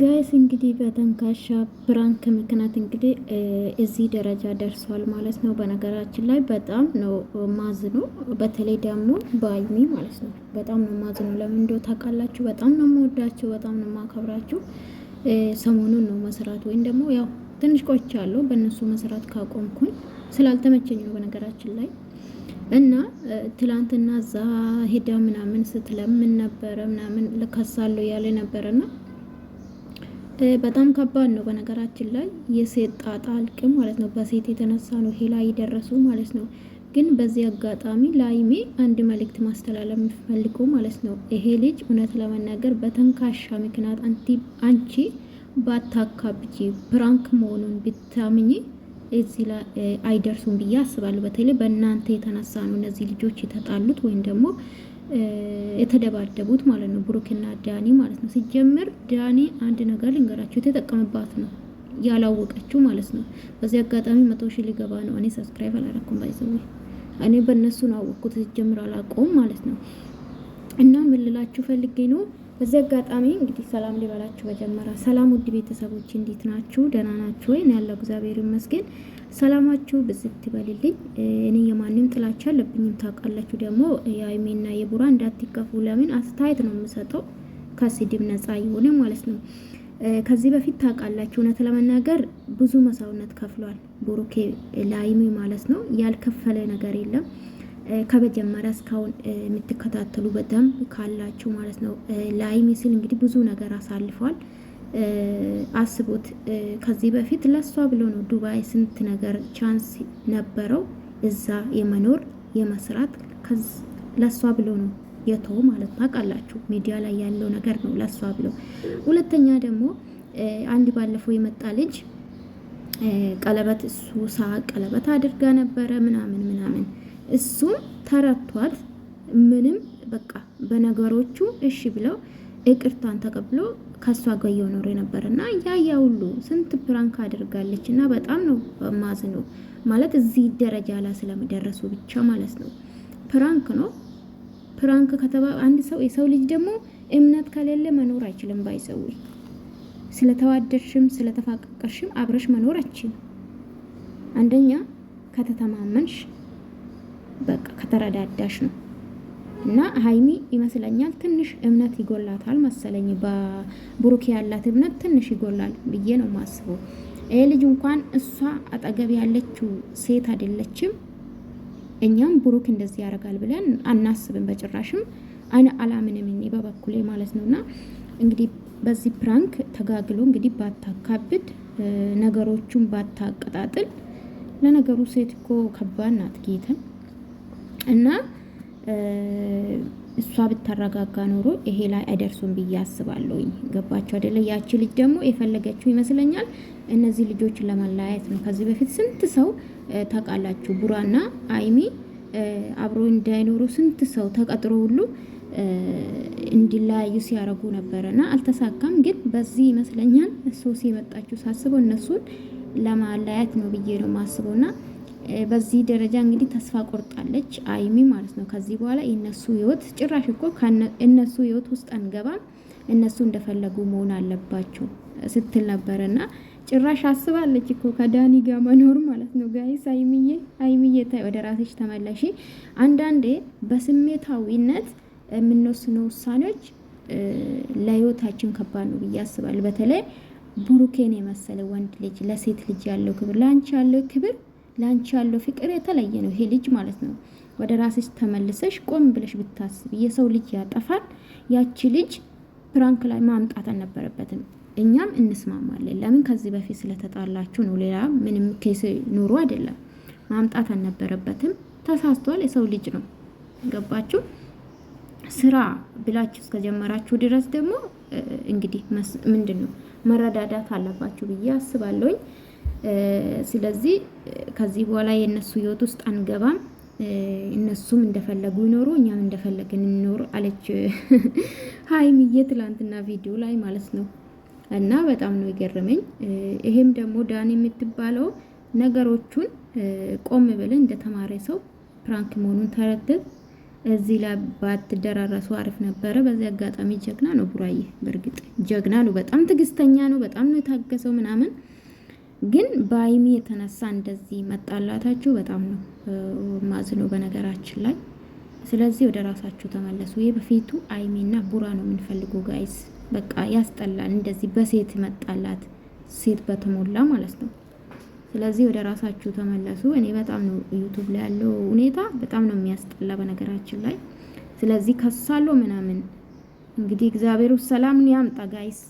ጋይስ እንግዲህ በተንካሻ ፕራንክ ምክንያት እንግዲህ እዚህ ደረጃ ደርሷል ማለት ነው። በነገራችን ላይ በጣም ነው ማዝኑ፣ በተለይ ደግሞ በአይሚ ማለት ነው። በጣም ነው ማዝኑ። ለምን እንደው ታውቃላችሁ፣ በጣም ነው መወዳችሁ፣ በጣም ነው ማከብራችሁ። ሰሞኑን ነው መስራት ወይም ደግሞ ያው ትንሽ አለው በእነሱ መስራት ካቆምኩኝ ስላልተመቸኝ ነው በነገራችን ላይ እና ትላንትና እዛ ሄዳ ምናምን ስትለምን ነበረ ምናምን ልከሳለሁ ያለ ነበረና በጣም ከባድ ነው። በነገራችን ላይ የሴት ጣጣ አልቅ ማለት ነው። በሴት የተነሳ ነው ይሄ ላይ ማለት ነው። ግን በዚህ አጋጣሚ ለሀይሜ አንድ መልእክት ማስተላለፍ የምፈልጉ ማለት ነው ይሄ ልጅ እውነት ለመናገር በተንካሻ ምክንያት አንቺ ባታካብጂ ፕራንክ መሆኑን ብታምኝ እዚህ ላይ አይደርሱም ብዬ አስባለሁ። በተለይ በእናንተ የተነሳ ነው እነዚህ ልጆች የተጣሉት ወይም ደግሞ የተደባደቡት ማለት ነው። ብሩክና ዳኒ ማለት ነው። ሲጀምር ዳኒ አንድ ነገር ልንገራችሁ የተጠቀምባት ነው ያላወቀችው ማለት ነው። በዚህ አጋጣሚ መቶ ሺህ ሊገባ ነው። እኔ ሰብስክራይብ አላረኩም ባይዘው እኔ በእነሱ ነው አወቅኩት። ሲጀምር አላቆም ማለት ነው። እና ምን ልላችሁ ፈልጌ ነው በዚህ አጋጣሚ እንግዲህ ሰላም ሊበላችሁ መጀመሪያ ሰላም ውድ ቤተሰቦች እንዴት ናችሁ? ደህና ናችሁ ወይ? ያለው እግዚአብሔር ይመስገን። ሰላማችሁ ብዝት ትበልልኝ። እኔ የማንም ጥላቻ አለብኝም። ታውቃላችሁ ደግሞ የሀይሜና የቡራ እንዳትከፉ። ለምን አስተያየት ነው የምሰጠው ከስድብ ነጻ የሆነ ማለት ነው። ከዚህ በፊት ታውቃላችሁ፣ እውነት ለመናገር ብዙ መስዋዕትነት ከፍሏል ቡሩኬ ለሀይሜ ማለት ነው። ያልከፈለ ነገር የለም ከመጀመሪያ እስካሁን የምትከታተሉ በደንብ ካላችሁ ማለት ነው። ለሀይሚ ስል እንግዲህ ብዙ ነገር አሳልፏል። አስቡት፣ ከዚህ በፊት ለሷ ብሎ ነው ዱባይ ስንት ነገር ቻንስ ነበረው እዛ የመኖር የመስራት ለሷ ብሎ ነው የተው ማለት ታውቃላችሁ፣ ሚዲያ ላይ ያለው ነገር ነው ለሷ ብሎ። ሁለተኛ ደግሞ አንድ ባለፈው የመጣ ልጅ ቀለበት እሱ ሳ ቀለበት አድርጋ ነበረ ምናምን ምናምን እሱም ተረቷት ምንም በቃ በነገሮቹ እሺ ብለው እቅርቷን ተቀብሎ ከሷ ጋር እየኖረ ነበር እና ያ ያ ሁሉ ስንት ፕራንክ አድርጋለች እና በጣም ነው ማዝ ማለት እዚህ ደረጃ ላይ ስለመደረሱ ብቻ ማለት ነው። ፕራንክ ነው ፕራንክ ከተባ አንድ ሰው የሰው ልጅ ደግሞ እምነት ከሌለ መኖር አይችልም። ባይሰው ስለተዋደድሽም ስለተፋቀቀሽም አብረሽ መኖር አይችልም። አንደኛ ከተተማመንሽ በቃ ከተረዳዳሽ ነው። እና ሀይሚ ይመስለኛል ትንሽ እምነት ይጎላታል መሰለኝ። በብሩክ ያላት እምነት ትንሽ ይጎላል ብዬ ነው ማስበው። ይሄ ልጅ እንኳን እሷ አጠገብ ያለችው ሴት አይደለችም። እኛም ብሩክ እንደዚህ ያደርጋል ብለን አናስብም በጭራሽም። አነ አላምንም እኔ በበኩሌ ማለት እና እንግዲህ በዚህ ፕራንክ ተጋግሎ እንግዲህ ባታካብድ ነገሮቹን ባታቀጣጥል። ለነገሩ ሴት እኮ ከባድ ናት ጌተን እና እሷ ብታረጋጋ ኖሮ ይሄ ላይ አይደርሱም ብዬ አስባለሁኝ። ገባቸው አደለ? ያቺ ልጅ ደግሞ የፈለገችው ይመስለኛል እነዚህ ልጆችን ለማለያየት ነው። ከዚህ በፊት ስንት ሰው ታውቃላችሁ፣ ቡራና አይሚ አብሮ እንዳይኖሩ ስንት ሰው ተቀጥሮ ሁሉ እንዲለያዩ ሲያደርጉ ነበረ እና አልተሳካም። ግን በዚህ ይመስለኛል ሶሲ የመጣችሁ ሳስበው እነሱን ለማለያየት ነው ብዬ ነው ማስበው በዚህ ደረጃ እንግዲህ ተስፋ ቆርጣለች አይሚ ማለት ነው። ከዚህ በኋላ የእነሱ ህይወት ጭራሽ እኮ እነሱ ህይወት ውስጥ አንገባም፣ እነሱ እንደፈለጉ መሆን አለባቸው ስትል ነበር እና ጭራሽ አስባለች እኮ ከዳኒ ጋር መኖር ማለት ነው። ጋይስ አይሚዬ አይሚዬ ወደ ራስሽ ተመለሺ። አንዳንዴ በስሜታዊነት የምንወስነው ውሳኔዎች ለህይወታችን ከባድ ነው ብዬ አስባለሁ። በተለይ ቡሩኬን የመሰለ ወንድ ልጅ ለሴት ልጅ ያለው ክብር፣ ለአንቺ ያለው ክብር ለአንቺ ያለው ፍቅር የተለየ ነው። ይሄ ልጅ ማለት ነው። ወደ ራስሽ ተመልሰሽ ቆም ብለሽ ብታስብ፣ የሰው ልጅ ያጠፋል። ያቺ ልጅ ፕራንክ ላይ ማምጣት አልነበረበትም። እኛም እንስማማለን። ለምን ከዚህ በፊት ስለተጣላችሁ ነው። ሌላ ምንም ኬስ ኑሮ አይደለም። ማምጣት አልነበረበትም። ተሳስቷል። የሰው ልጅ ነው። ገባችሁ? ስራ ብላችሁ እስከጀመራችሁ ድረስ ደግሞ እንግዲህ ምንድን ነው መረዳዳት አለባችሁ ብዬ አስባለሁኝ። ስለዚህ ከዚህ በኋላ የእነሱ ህይወት ውስጥ አንገባም። እነሱም እንደፈለጉ ይኖሩ እኛም እንደፈለግን እንኖር አለች ሀይሚዬ ትላንትና ቪዲዮ ላይ ማለት ነው። እና በጣም ነው የገረመኝ። ይሄም ደግሞ ዳን የምትባለው ነገሮቹን ቆም ብለን እንደተማረ ሰው ፕራንክ መሆኑን ተረድተህ እዚህ ላይ ባትደራረሱ አሪፍ ነበረ። በዚህ አጋጣሚ ጀግና ነው ቡራዬ፣ በእርግጥ ጀግና ነው። በጣም ትግስተኛ ነው። በጣም ነው የታገሰው ምናምን ግን በአይሚ የተነሳ እንደዚህ መጣላታችሁ በጣም ነው ማዝኖ በነገራችን ላይ። ስለዚህ ወደ ራሳችሁ ተመለሱ። አይሚ እና ቡራ ነው የምንፈልገው ጋይስ። በቃ ያስጠላል እንደዚህ በሴት መጣላት፣ ሴት በተሞላ ማለት ነው። ስለዚህ ወደ ራሳችሁ ተመለሱ። እኔ በጣም ነው ዩቱብ ላይ ያለው ሁኔታ በጣም ነው የሚያስጠላ በነገራችን ላይ። ስለዚህ ከሳሎ ምናምን እንግዲህ እግዚአብሔር ሰላምን ያምጣ ጋይስ።